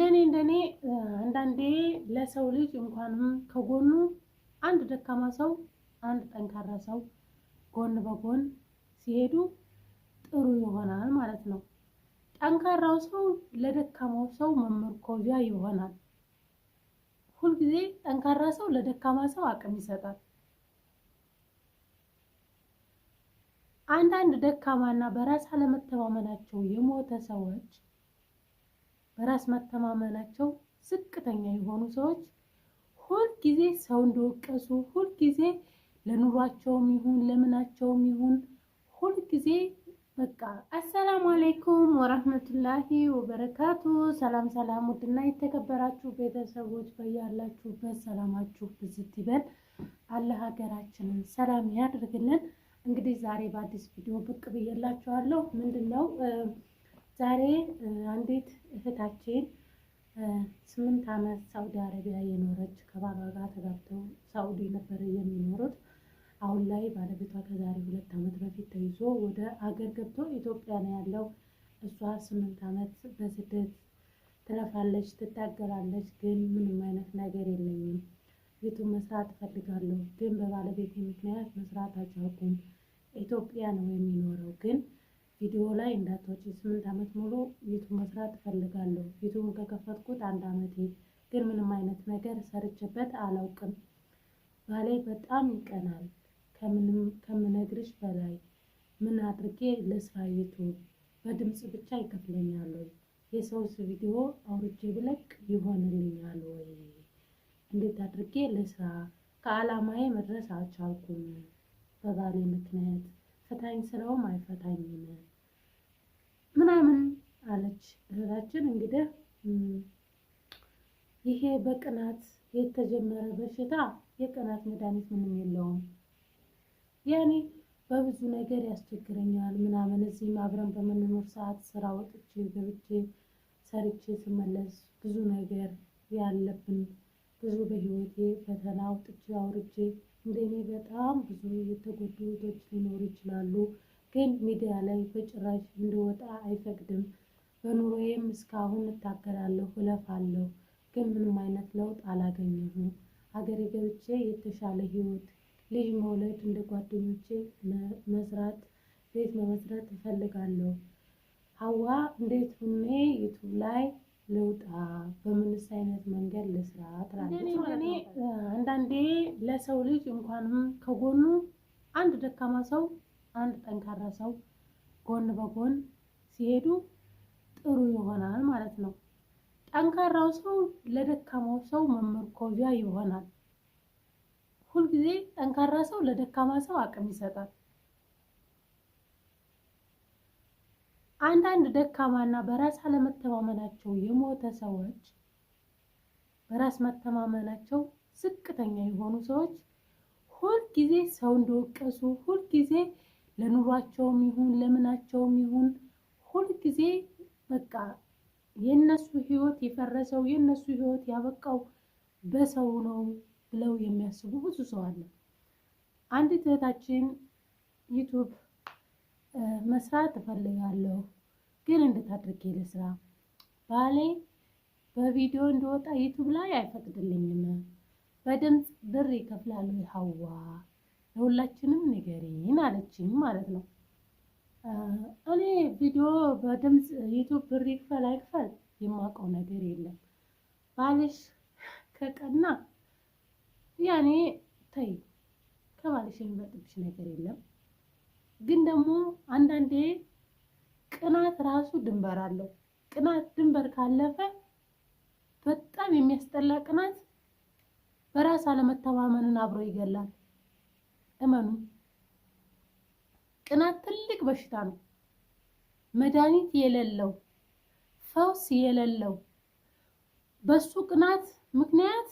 እንደኔ እንደኔ አንዳንዴ ለሰው ልጅ እንኳንም ከጎኑ አንድ ደካማ ሰው፣ አንድ ጠንካራ ሰው ጎን በጎን ሲሄዱ ጥሩ ይሆናል ማለት ነው። ጠንካራው ሰው ለደካማው ሰው መመርኮዣ ይሆናል። ሁልጊዜ ጠንካራ ሰው ለደካማ ሰው አቅም ይሰጣል። አንዳንድ ደካማና በራስ አለመተማመናቸው የሞተ ሰዎች በራስ መተማመናቸው ዝቅተኛ የሆኑ ሰዎች ሁልጊዜ ሰው እንዲወቀሱ ሁልጊዜ ለኑሯቸውም ይሁን ለምናቸውም ይሁን ሁልጊዜ በቃ አሰላሙ አለይኩም ወረህመቱላሂ ወበረካቱ። ሰላም ሰላም፣ ውድና የተከበራችሁ ቤተሰቦች በያላችሁበት ሰላማችሁ ብዝት ይበል። አለ ሀገራችንን ሰላም ያደርግልን። እንግዲህ ዛሬ በአዲስ ቪዲዮ ብቅ ብዬላችኋለሁ። ምንድን ነው ዛሬ አንዲት እህታችን ስምንት ዓመት ሳውዲ አረቢያ የኖረች ከባሏ ጋር ተጋብተው ሳውዲ ነበረ የሚኖሩት። አሁን ላይ ባለቤቷ ከዛሬ ሁለት ዓመት በፊት ተይዞ ወደ አገር ገብቶ ኢትዮጵያ ነው ያለው። እሷ ስምንት ዓመት በስደት ትለፋለች፣ ትታገላለች። ግን ምንም አይነት ነገር የለኝም፣ ቤቱን መስራት እፈልጋለሁ፣ ግን በባለቤቴ ምክንያት መስራት አልቻልኩም። ኢትዮጵያ ነው የሚኖረው ግን ቪዲዮ ላይ እንዳትወጪ ስምንት ዓመት ሙሉ ዩቱብ መስራት እፈልጋለሁ። ዩቱብን ከከፈትኩት አንድ ዓመቴ ግን ምንም አይነት ነገር ሰርችበት አላውቅም። ባሌ በጣም ይቀናል ከምነግርሽ በላይ። ምን አድርጌ ለስራ ዩቱብ በድምፅ ብቻ ይከፍለኛል ወይ? የሰውስ ቪዲዮ አውርጄ ብለቅ ይሆንልኛል ወይ? እንዴት አድርጌ ለስራ ከዓላማዬ መድረስ አልቻልኩም። በባሌ ምክንያት ፈታኝ ስራውም አይፈታኝም። ምናምን አለች እህታችን። እንግዲህ ይሄ በቅናት የተጀመረ በሽታ የቅናት መድኃኒት ምንም የለውም። ያኔ በብዙ ነገር ያስቸግረኛል ምናምን እዚህም አብረን በምንኖር ሰዓት ስራ ወጥቼ ገብቼ ሰርቼ ስመለስ ብዙ ነገር ያለብን ብዙ በህይወቴ ፈተና ወጥቼ አውርቼ እንደኔ በጣም ብዙ የተጎዱ እህቶች ሊኖሩ ይችላሉ። ግን ሚዲያ ላይ በጭራሽ እንድወጣ አይፈቅድም። በኑሮዬም እስካሁን እታገላለሁ፣ እለፋለሁ፣ ግን ምንም አይነት ለውጥ አላገኘሁም። ሀገሬ ገብቼ የተሻለ ህይወት፣ ልጅ መውለድ፣ እንደ ጓደኞቼ መስራት፣ ቤት መመስረት እፈልጋለሁ። ሀዋ እንዴት ሁኔ ዩቱብ ላይ ልውጣ? በምንስ አይነት መንገድ ልስራ? ትላለች። አንዳንዴ ለሰው ልጅ እንኳንም ከጎኑ አንድ ደካማ ሰው አንድ ጠንካራ ሰው ጎን በጎን ሲሄዱ ጥሩ ይሆናል ማለት ነው። ጠንካራው ሰው ለደካማው ሰው መመርኮዣ ይሆናል። ሁልጊዜ ጠንካራ ሰው ለደካማ ሰው አቅም ይሰጣል። አንዳንድ ደካማ እና በራስ አለመተማመናቸው የሞተ ሰዎች በራስ መተማመናቸው ዝቅተኛ የሆኑ ሰዎች ሁልጊዜ ሰው እንደወቀሱ ሁልጊዜ ለኑሯቸውም ይሁን ለምናቸውም ይሁን ሁልጊዜ በቃ የእነሱ ህይወት የፈረሰው የእነሱ ህይወት ያበቃው በሰው ነው ብለው የሚያስቡ ብዙ ሰው አለ። አንዲት እህታችን ዩቱብ መስራት እፈልጋለሁ ግን እንዴት አድርጌ ልስራ? ባሌ በቪዲዮ እንደወጣ ዩቱብ ላይ አይፈቅድልኝም። በድምፅ ብር ይከፍላሉ። ሀዋ ለሁላችንም ንገሪን አለችኝ ማለት ነው። እኔ ቪዲዮ በድምፅ ዩቱብ ብር ይክፈል አይክፈል የማውቀው ነገር የለም። ባልሽ ከቀና ያኔ ተይ፣ ከባልሽ የሚበልጥብሽ ነገር የለም። ግን ደግሞ አንዳንዴ ቅናት ራሱ ድንበር አለው። ቅናት ድንበር ካለፈ በጣም የሚያስጠላ ቅናት በራስ አለመተማመንን አብሮ ይገላል። እመኑ፣ ቅናት ትልቅ በሽታ ነው። መድኃኒት የሌለው ፈውስ የሌለው በሱ ቅናት ምክንያት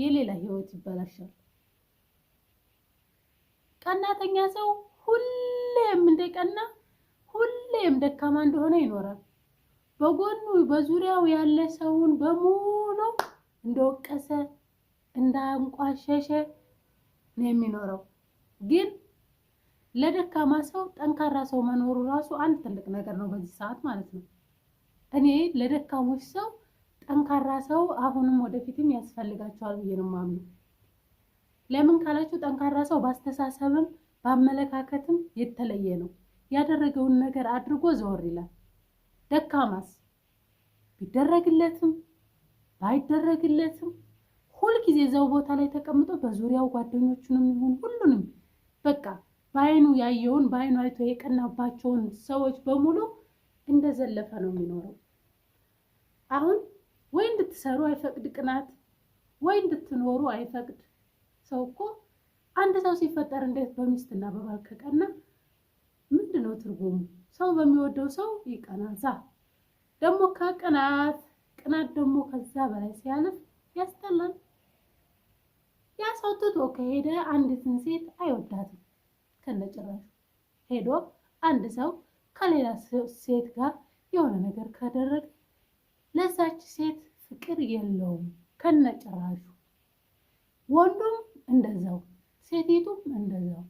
የሌላ ህይወት ይበላሻል። ቀናተኛ ሰው ሁሌም እንደቀና ሁሌም ደካማ እንደሆነ ይኖራል። በጎኑ በዙሪያው ያለ ሰውን በሙሉ እንደወቀሰ እንዳንቋሸሸ ነው የሚኖረው። ግን ለደካማ ሰው ጠንካራ ሰው መኖሩ ራሱ አንድ ትልቅ ነገር ነው በዚህ ሰዓት ማለት ነው። እኔ ለደካሞች ሰው ጠንካራ ሰው አሁንም ወደፊትም ያስፈልጋቸዋል ብዬ ነው ማምኑ ለምን ካላችሁ ጠንካራ ሰው በአስተሳሰብም በአመለካከትም የተለየ ነው። ያደረገውን ነገር አድርጎ ዘወር ይላል። ደካማስ ቢደረግለትም ባይደረግለትም ሁልጊዜ እዛው ቦታ ላይ ተቀምጦ በዙሪያው ጓደኞቹንም ይሁን ሁሉንም በቃ በአይኑ ያየውን በአይኑ አይቶ የቀናባቸውን ሰዎች በሙሉ እንደዘለፈ ነው የሚኖረው። አሁን ወይ እንድትሰሩ አይፈቅድ ቅናት፣ ወይ እንድትኖሩ አይፈቅድ። ሰው እኮ አንድ ሰው ሲፈጠር እንዴት በሚስትና በባል ከቀና ምንድን ነው ትርጉሙ? ሰው በሚወደው ሰው ይቀናዛ። ደግሞ ከቅናት ቅናት ደግሞ ከዛ በላይ ሲያልፍ ያስጠላል። ያ ሰው ትቶ ከሄደ አንዲትን ሴት አይወዳትም ከነጭራሹ። ሄዶ አንድ ሰው ከሌላ ሴት ጋር የሆነ ነገር ካደረገ ለዛች ሴት ፍቅር የለውም ከነጭራሹ። ወንዱም እንደዛው፣ ሴቲቱም እንደዛው።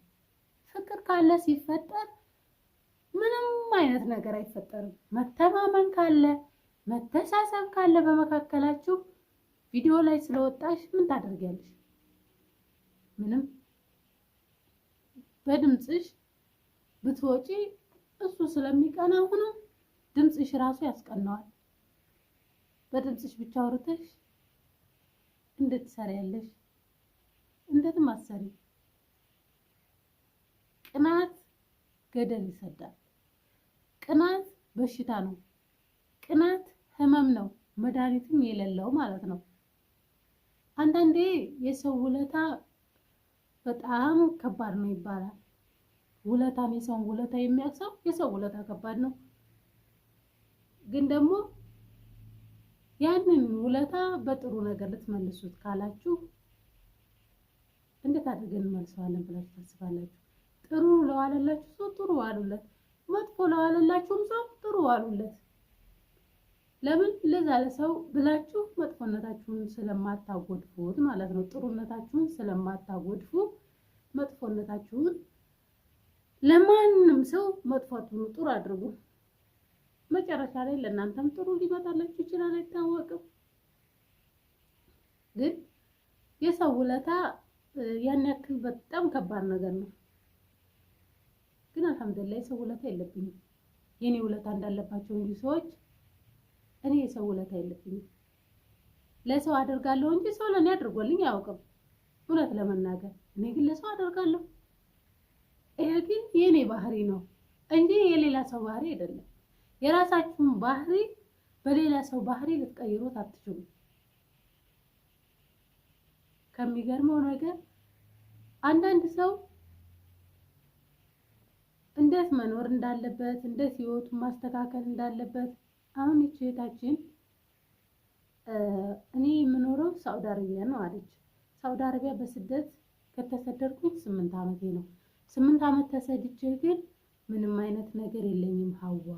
ፍቅር ካለ ሲፈጠር ምንም አይነት ነገር አይፈጠርም። መተማመን ካለ መተሳሰብ ካለ በመካከላችሁ ቪዲዮ ላይ ስለወጣሽ ምን ታደርጊያለሽ? ምንም በድምፅሽ ብትወጪ እሱ ስለሚቀና ሆኖ ድምፅሽ ራሱ ያስቀናዋል። በድምፅሽ ብቻ አውርተሽ እንዴት ትሰሪያለሽ? እንዴትም ቅናት ገደል ይሰዳል። ቅናት በሽታ ነው። ቅናት ህመም ነው፣ መድኃኒትም የሌለው ማለት ነው። አንዳንዴ የሰው ውለታ በጣም ከባድ ነው ይባላል። ውለታ የሰውን ውለታ የሚያሰው የሰው ውለታ ከባድ ነው። ግን ደግሞ ያንን ውለታ በጥሩ ነገር ልትመልሱት ካላችሁ እንዴት አድርገን እንመልሰዋለን ብላችሁ ታስባላችሁ? ጥሩ ለዋለላችሁ ሰው ጥሩ ዋሉለት፣ መጥፎ ለዋለላችሁም ሰው ጥሩ ዋሉለት። ለምን ለዛ ለሰው ብላችሁ መጥፎነታችሁን ስለማታጎድፉት ማለት ነው። ጥሩነታችሁን ስለማታጎድፉ መጥፎነታችሁን ለማንም ሰው መጥፋቱን ጥሩ አድርጉ። መጨረሻ ላይ ለእናንተም ጥሩ ሊመጣላችሁ ይችላል፣ አይታወቅም። ግን የሰው ውለታ ያን ያክል በጣም ከባድ ነገር ነው። ግን አልሐምዱሊላህ የሰው ውለታ የለብኝም። የኔ ውለታ እንዳለባቸው እንጂ ሰዎች እኔ የሰው ውለታ የለብኝም። ለሰው አደርጋለሁ እንጂ ሰው ለእኔ አድርጎልኝ አያውቅም። እውነት ለመናገር እኔ ግን ለሰው አደርጋለሁ። ይሄ ግን የእኔ ባህሪ ነው እንጂ የሌላ ሰው ባህሪ አይደለም። የራሳችሁን ባህሪ በሌላ ሰው ባህሪ ልትቀይሩት አትችሉም። ከሚገርመው ነገር አንዳንድ ሰው እንዴት መኖር እንዳለበት እንዴት ህይወቱን ማስተካከል እንዳለበት አሁን ይቺ እህታችን እኔ የምኖረው ሳውዲ አረቢያ ነው አለች። ሳውዲ አረቢያ በስደት ከተሰደድኩኝ ስምንት ዓመቴ ነው። ስምንት ዓመት ተሰድቼ ግን ምንም አይነት ነገር የለኝም ሀዋ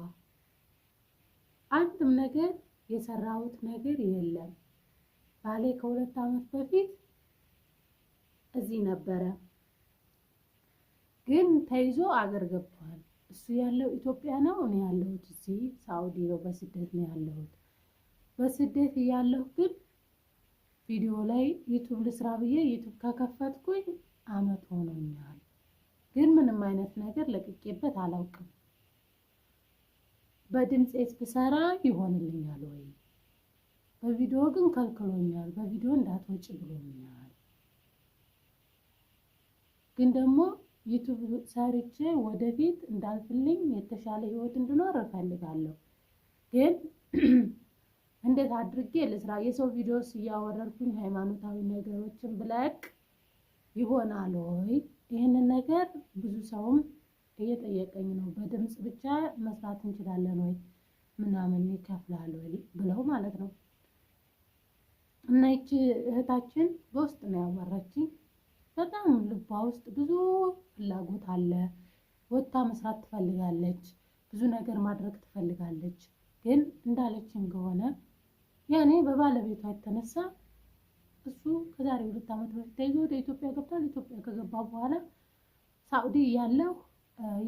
አንድም ነገር የሰራሁት ነገር የለም። ባሌ ከሁለት ዓመት በፊት እዚህ ነበረ፣ ግን ተይዞ አገር ገብቷል። እሱ ያለው ኢትዮጵያ ነው። እኔ ያለሁት እዚህ ሳውዲ ነው። በስደት ነው ያለሁት። በስደት እያለሁ ግን ቪዲዮ ላይ ዩቱብ ልስራ ብዬ ዩቱብ ከከፈትኩኝ አመት ሆኖኛል። ግን ምንም አይነት ነገር ለቅቄበት አላውቅም። በድምፄት ብሰራ ይሆንልኛል ወይ? በቪዲዮ ግን ከልክሎኛል። በቪዲዮ እንዳትወጭ ብሎኛል። ግን ደግሞ ዩቱብ ሰርቼ ወደፊት እንዳልፍልኝ የተሻለ ህይወት እንድኖር እፈልጋለሁ። ግን እንዴት አድርጌ ልስራ? የሰው ቪዲዮስ እያወረድኩኝ ሃይማኖታዊ ነገሮችን ብለቅ ይሆናል ወይ? ይህንን ነገር ብዙ ሰውም እየጠየቀኝ ነው። በድምፅ ብቻ መስራት እንችላለን ወይ ምናምን ይከፍላል ወይ ብለው ማለት ነው። እና ይቺ እህታችን በውስጥ ነው ያወራችኝ። በጣም ልቧ ውስጥ ብዙ ፍላጎት አለ። ወጥታ መስራት ትፈልጋለች፣ ብዙ ነገር ማድረግ ትፈልጋለች። ግን እንዳለችም ከሆነ ያኔ በባለቤቷ የተነሳ እሱ ከዛሬ ሁለት ዓመት በፊት ተይዞ ወደ ኢትዮጵያ ገብቷል። ኢትዮጵያ ከገባ በኋላ ሳኡዲ ያለው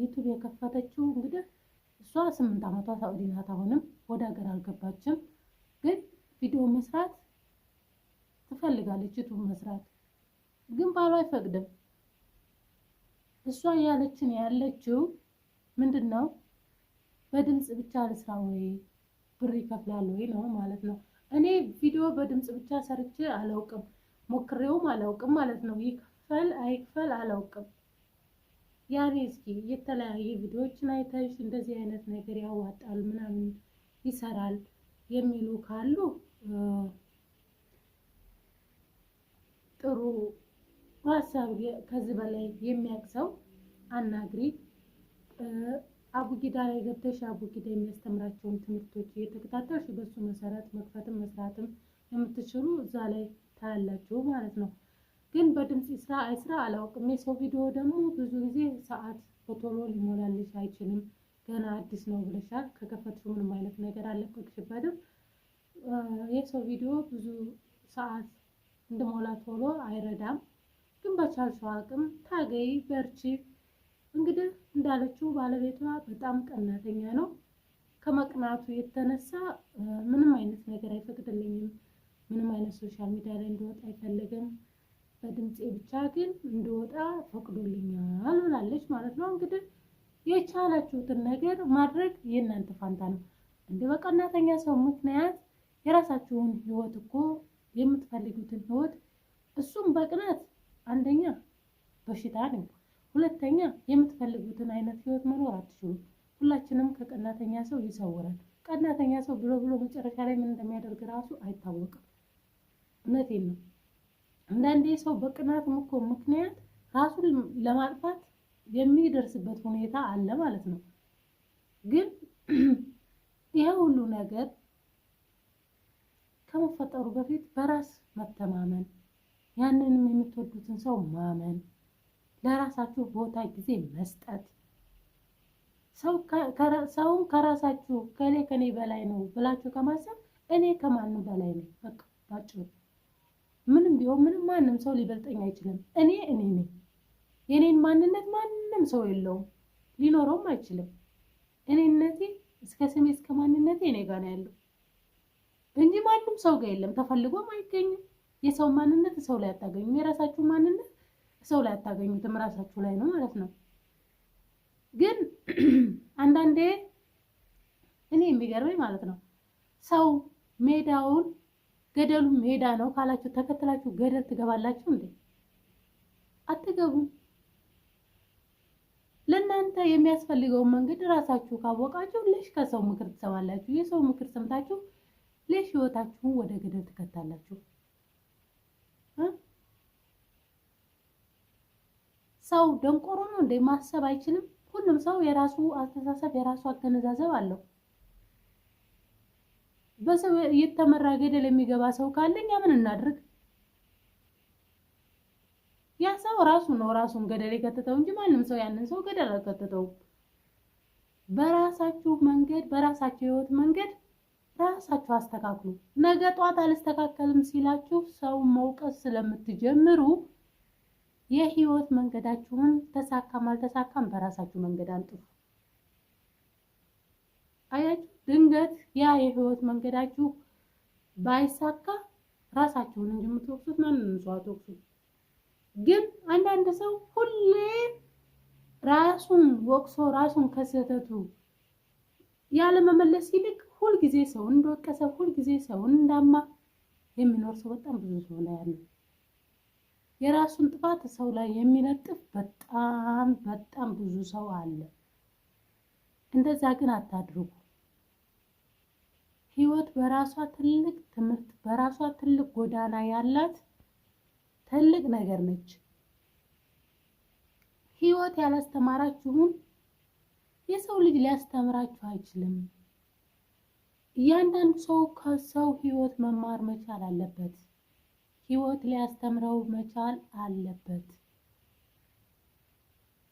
ዩቱብ የከፈተችው እንግዲህ እሷ ስምንት ዓመቷ ሳኡዲ ናት። አሁንም ወደ ሀገር አልገባችም። ግን ቪዲዮ መስራት ትፈልጋለች፣ ዩቱብ መስራት ግን ባሏ አይፈቅድም። እሷ እያለችን ያለችው ምንድን ነው? በድምፅ ብቻ ልስራ ወይ ብር ይከፍላል ወይ ነው ማለት ነው። እኔ ቪዲዮ በድምፅ ብቻ ሰርቼ አላውቅም፣ ሞክሬውም አላውቅም ማለት ነው። ይክፈል አይክፈል አላውቅም። ያኔ እስኪ የተለያየ ቪዲዮዎችን አይተሽ እንደዚህ አይነት ነገር ያዋጣል ምናምን ይሰራል የሚሉ ካሉ ጥሩ በሀሳብ ከዚህ በላይ የሚያውቅ ሰው አናግሪ። አቡጊዳ ላይ ገብተሽ አቡጊዳ የሚያስተምራቸውን ትምህርቶች እየተከታተልሽ በሱ መሰረት መክፈትም መስራትም የምትችሉ እዛ ላይ ታያላችሁ ማለት ነው። ግን በድምፅ ስራ አይስራ አላውቅም። የሰው ቪዲዮ ደግሞ ብዙ ጊዜ ሰዓት በቶሎ ሊሞላልሽ አይችልም። ገና አዲስ ነው ብለሻል። ከከፈትሽ ምንም አይነት ነገር አለቀቅሽበትም። የሰው ቪዲዮ ብዙ ሰዓት እንድሞላ ቶሎ አይረዳም። ግን በቻልሽው አቅም ታገይ፣ በርቺ። እንግዲህ እንዳለችው ባለቤቷ በጣም ቀናተኛ ነው። ከመቅናቱ የተነሳ ምንም አይነት ነገር አይፈቅድልኝም። ምንም አይነት ሶሻል ሚዲያ ላይ እንደወጣ አይፈልግም። በድምፄ ብቻ ግን እንደወጣ ፈቅዶልኛል ብላለች ማለት ነው። እንግዲህ የቻላችሁትን ነገር ማድረግ የእናንተ ፋንታ ነው። እንደ በቀናተኛ ሰው ምክንያት የራሳችሁን ህይወት እኮ የምትፈልጉትን ህይወት እሱም በቅናት አንደኛ በሽታ ነኝ፣ ሁለተኛ የምትፈልጉትን አይነት ህይወት መኖር አትችሉም። ሁላችንም ከቀናተኛ ሰው ይሰውራል። ቀናተኛ ሰው ብሎ ብሎ መጨረሻ ላይ ምን እንደሚያደርግ ራሱ አይታወቅም። እውነት ነው። አንዳንዴ ሰው በቅናት ምኮ ምክንያት ራሱን ለማጥፋት የሚደርስበት ሁኔታ አለ ማለት ነው። ግን ይሄ ሁሉ ነገር ከመፈጠሩ በፊት በራስ መተማመን ያንንም የምትወዱትን ሰው ማመን፣ ለራሳችሁ ቦታ ጊዜ መስጠት፣ ሰውን ከራሳችሁ ከኔ ከኔ በላይ ነው ብላችሁ ከማሰብ እኔ ከማንም በላይ ነው በቃ ባጭሩ። ምንም ቢሆን ምንም ማንም ሰው ሊበልጠኝ አይችልም። እኔ እኔ ነኝ። የኔን ማንነት ማንም ሰው የለውም ሊኖረውም አይችልም። እኔነቴ እስከ ስሜ እስከ ማንነቴ እኔ ጋር ነው ያለው እንጂ ማንም ሰው ጋር የለም፣ ተፈልጎም አይገኝም። የሰው ማንነት ሰው ላይ አታገኙም። የራሳችሁ ማንነት ሰው ላይ አታገኙትም፣ ራሳችሁ ላይ ነው ማለት ነው። ግን አንዳንዴ እኔ የሚገርመኝ ማለት ነው ሰው ሜዳውን ገደሉ ሜዳ ነው ካላችሁ ተከትላችሁ ገደል ትገባላችሁ እንዴ? አትገቡም። ለእናንተ የሚያስፈልገውን መንገድ ራሳችሁ ካወቃችሁ ሌሽ ከሰው ምክር ትሰማላችሁ። የሰው ምክር ሰምታችሁ ሌሽ ህይወታችሁን ወደ ገደል ትከታላችሁ። ሰው ደንቆሮ ነው እንደ ማሰብ አይችልም። ሁሉም ሰው የራሱ አስተሳሰብ የራሱ አገነዛዘብ አለው። በሰው የተመራ ገደል የሚገባ ሰው ካለ እኛ ምን እናድርግ? ያ ሰው ራሱ ነው ራሱን ገደል የከተተው እንጂ ማንም ሰው ያንን ሰው ገደል አልከተተውም። በራሳችሁ መንገድ በራሳችሁ ህይወት መንገድ ራሳችሁ አስተካክሉ። ነገ ጧት አልስተካከልም ሲላችሁ ሰው መውቀስ ስለምትጀምሩ የህይወት መንገዳችሁን ተሳካም አልተሳካም በራሳችሁ መንገድ አንጥፉ። አያችሁ፣ ድንገት ያ የህይወት መንገዳችሁ ባይሳካ ራሳችሁን እንጂ የምትወቅሱት ማንንም ሰው አትወቅሱ። ግን አንዳንድ ሰው ሁሌ ራሱን ወቅሶ ራሱን ከስህተቱ ያለመመለስ ይልቅ ሁልጊዜ ሰውን እንደወቀሰ ሁልጊዜ ሰውን እንዳማ የሚኖር ሰው በጣም ብዙ ሰው ላይ ያለ የራሱን ጥፋት ሰው ላይ የሚለጥፍ በጣም በጣም ብዙ ሰው አለ። እንደዛ ግን አታድርጉ። ህይወት በራሷ ትልቅ ትምህርት፣ በራሷ ትልቅ ጎዳና ያላት ትልቅ ነገር ነች። ህይወት ያላስተማራችሁን የሰው ልጅ ሊያስተምራችሁ አይችልም። እያንዳንዱ ሰው ከሰው ህይወት መማር መቻል አለበት። ህይወት ሊያስተምረው መቻል አለበት።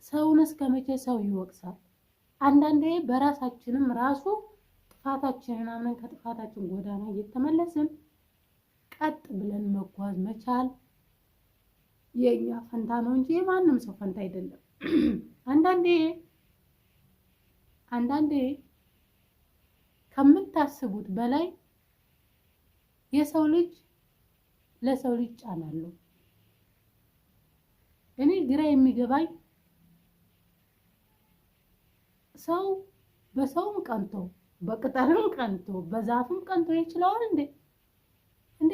ሰውን እስከ መቼ ሰው ይወቅሳል? አንዳንዴ በራሳችንም ራሱ ጥፋታችንን አምነን ከጥፋታችን ጎዳና እየተመለስን ቀጥ ብለን መጓዝ መቻል የእኛ ፈንታ ነው እንጂ የማንም ሰው ፈንታ አይደለም። አንዳንዴ አንዳንዴ ከምታስቡት በላይ የሰው ልጅ ለሰው ልጅ ጫና አለው። እኔ ግራ የሚገባኝ ሰው በሰውም ቀንቶ በቅጠልም ቀንቶ በዛፍም ቀንቶ ይችለዋል እንዴ? እንዴ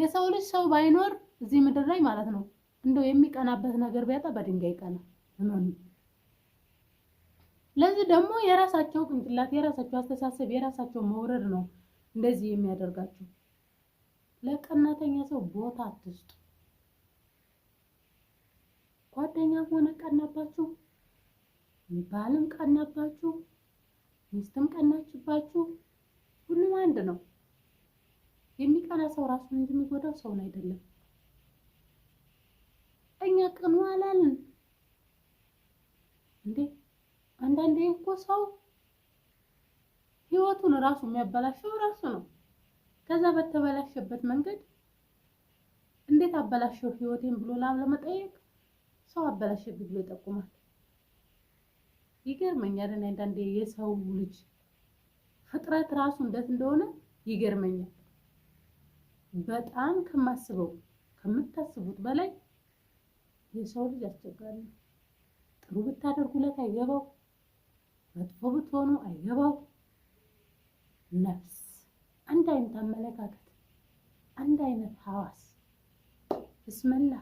የሰው ልጅ ሰው ባይኖር እዚህ ምድር ላይ ማለት ነው እንደው የሚቀናበት ነገር ቢያጣ በድንጋይ ቀና ለዚህ ደግሞ የራሳቸው ቅንጭላት፣ የራሳቸው አስተሳሰብ፣ የራሳቸው መውረድ ነው እንደዚህ የሚያደርጋቸው። ለቀናተኛ ሰው ቦታ አትስጡ። ጓደኛም ሆነ ቀናባችሁ፣ ባልም ቀናባችሁ፣ ሚስትም ቀናችባችሁ፣ ሁሉም አንድ ነው። የሚቀና ሰው ራሱን እንጂ የሚጎዳው ሰውን አይደለም። እኛ ቀኑ አላልን እንዴ? አንዳንዴ እኮ ሰው ህይወቱን ራሱ የሚያበላሸው ራሱ ነው። ከዛ በተበላሸበት መንገድ እንዴት አበላሸው ህይወቴን ብሎ ላም ለመጠየቅ ሰው አበላሸብኝ ብሎ ይጠቁማል። ይገርመኛል። እኔ አንዳንዴ የሰው ልጅ ፍጥረት ራሱ እንዴት እንደሆነ ይገርመኛል። በጣም ከማስበው ከምታስቡት በላይ የሰው ልጅ አስቸጋሪ ነው። ጥሩ ብታደርጉለት አይገባው መጥፎ ብትሆኑ አይገባው። ነፍስ አንድ አይነት አመለካከት፣ አንድ አይነት ሀዋስ እስመላ